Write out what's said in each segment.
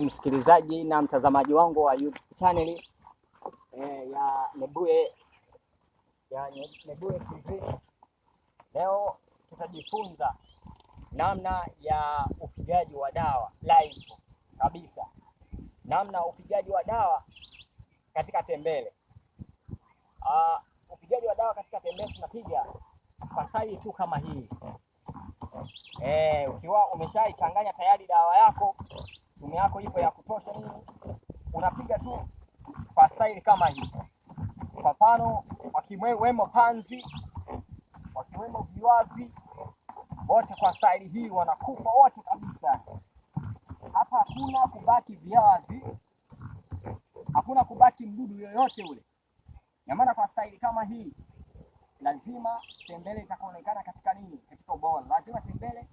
Msikilizaji na mtazamaji wangu wa YouTube channel eh, ya Nebuye ya Nebuye TV. Leo tutajifunza namna ya upigaji wa dawa live kabisa, namna upigaji wa dawa katika tembele. Uh, upigaji wa dawa katika tembele tunapiga fasai tu kama hii eh, ukiwa umeshaichanganya tayari dawa yako tume yako ipo ya kutosha nini, unapiga tu kwa staili kama hii. Kwa mfano wakiwemo panzi, wakiwemo viwazi wote kwa staili hii wanakufa wote kabisa. Hapa hakuna kubaki viwazi, hakuna kubaki mdudu yoyote ule. Na maana kwa staili kama hii lazima tembele itakuonekana katika nini, katika ubora. Lazima tembele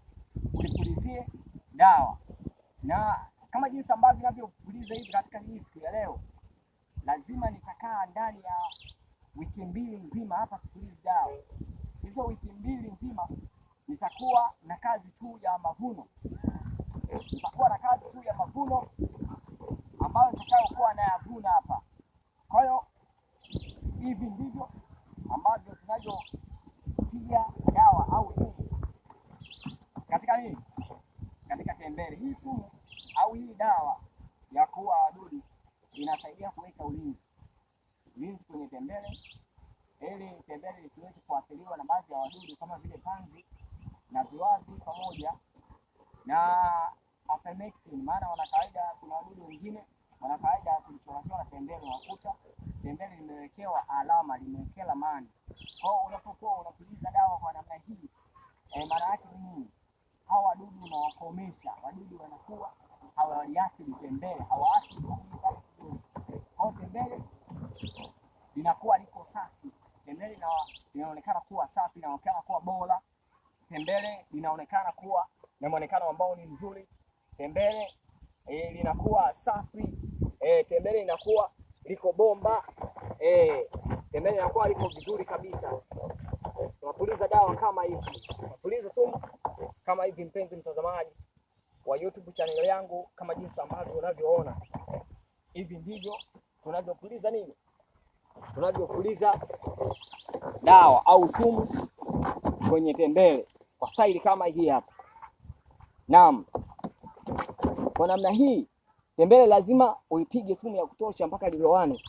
ulipulizie dawa na kama jinsi ambavyo ninavyopuliza hivi katika hii siku ya leo, lazima nitakaa ndani ya wiki mbili nzima hapa sikulizi jao. Hizo wiki mbili nzima nitakuwa na kazi tu ya mavuno, nitakuwa na kazi tu ya mavuno ambayo nitakayokuwa nayavuna hapa. Kwa hiyo hivi ndivyo ambavyo tunavyopiga dawa au sumu katika nini, katika tembele hii sumu au hii dawa ya kuua wadudu inasaidia kuweka ulinzi ulinzi kwenye tembele, ili tembele lisiwezi kuathiriwa na baadhi ya wadudu kama vile panzi na viwavi pamoja na afemectin. maana wana kawaida, kuna wadudu wengine wana kawaida kulichorachora tembele, wakuta tembele limewekewa alama, limewekewa ramani. Kwa hiyo unapokuwa unapuliza dawa kwa namna hii, eh, maana yake ni nini? wadudu unawakomesha, wadudu wanakuwa hawaliathiri tembele, hawaathiri Kwa Tembele linakuwa liko safi, tembele linaonekana kuwa safi, linaonekana kuwa bora, tembele linaonekana kuwa na muonekano ambao ni mzuri, tembele e, linakuwa safi e, tembele linakuwa liko bomba e, tembele linakuwa liko vizuri kabisa. Tunapuliza dawa kama hivi, tunapuliza sumu kama hivi, mpenzi mtazamaji wa YouTube channel yangu kama jinsi ambavyo unavyoona. Hivi ndivyo tunavyopuliza nini, tunavyopuliza dawa au sumu kwenye tembele kwa staili kama hii hapa. Naam, kwa namna hii tembele lazima uipige sumu ya kutosha mpaka lilowane,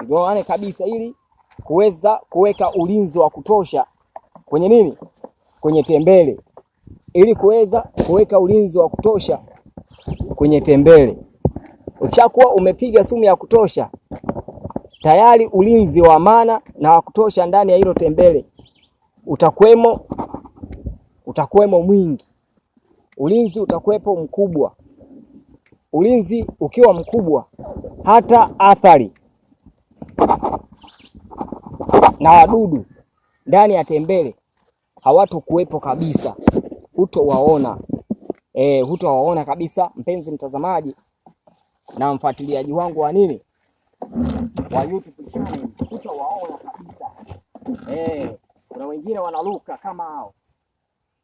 lilowane kabisa, ili kuweza kuweka ulinzi wa kutosha kwenye nini, kwenye tembele ili kuweza kuweka ulinzi wa kutosha kwenye tembele. Ukishakuwa umepiga sumu ya kutosha, tayari ulinzi wa maana na wa kutosha ndani ya hilo tembele utakwemo, utakwemo mwingi, ulinzi utakuwepo mkubwa. Ulinzi ukiwa mkubwa, hata athari na wadudu ndani ya tembele hawatokuwepo kabisa hutowaona eh, hutowaona kabisa, mpenzi mtazamaji na mfuatiliaji wangu wa nini wa YouTube channel, hutowaona kabisa eh. Kuna wengine wanaruka kama hao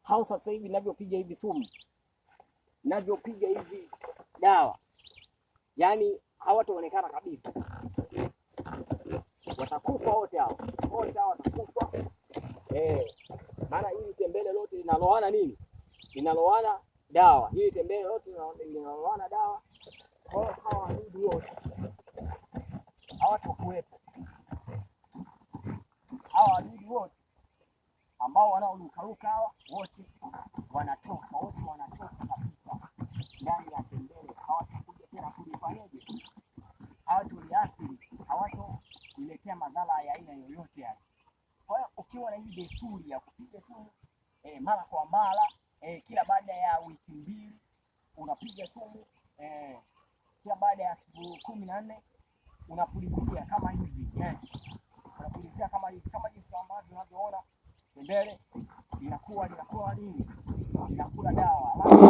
hao. Sasa hivi ninavyopiga hivi sumu, ninavyopiga hivi dawa, yani hawataonekana kabisa, watakufa wote hao, wote hao watakufa eh, maana hili tembele lote linaloana nini linaloana dawa. Hili tembele lote linaloana dawa. Kwa hiyo hawa wadudu wote hawatokuwepo, Hawa wadudu wote ambao wanaorukaruka hawa wote wanatoka, wote wanatoka kabisa ndani ya tembele, hawatakuja tena kulifanyeje, hawato kuletea madhara ya aina yoyote yale. Kwa hiyo ukiwa na hii desturi ya kupiga simu eh, mara kwa mara eh, kila baada ya wiki mbili unapiga sumu eh, kila baada ya siku kumi na nne unapulizia kama hivi yes. Unapulizia kama hivi, kama jinsi ambavyo unavyoona tembele linakuwa linakuwa nini, linakula dawa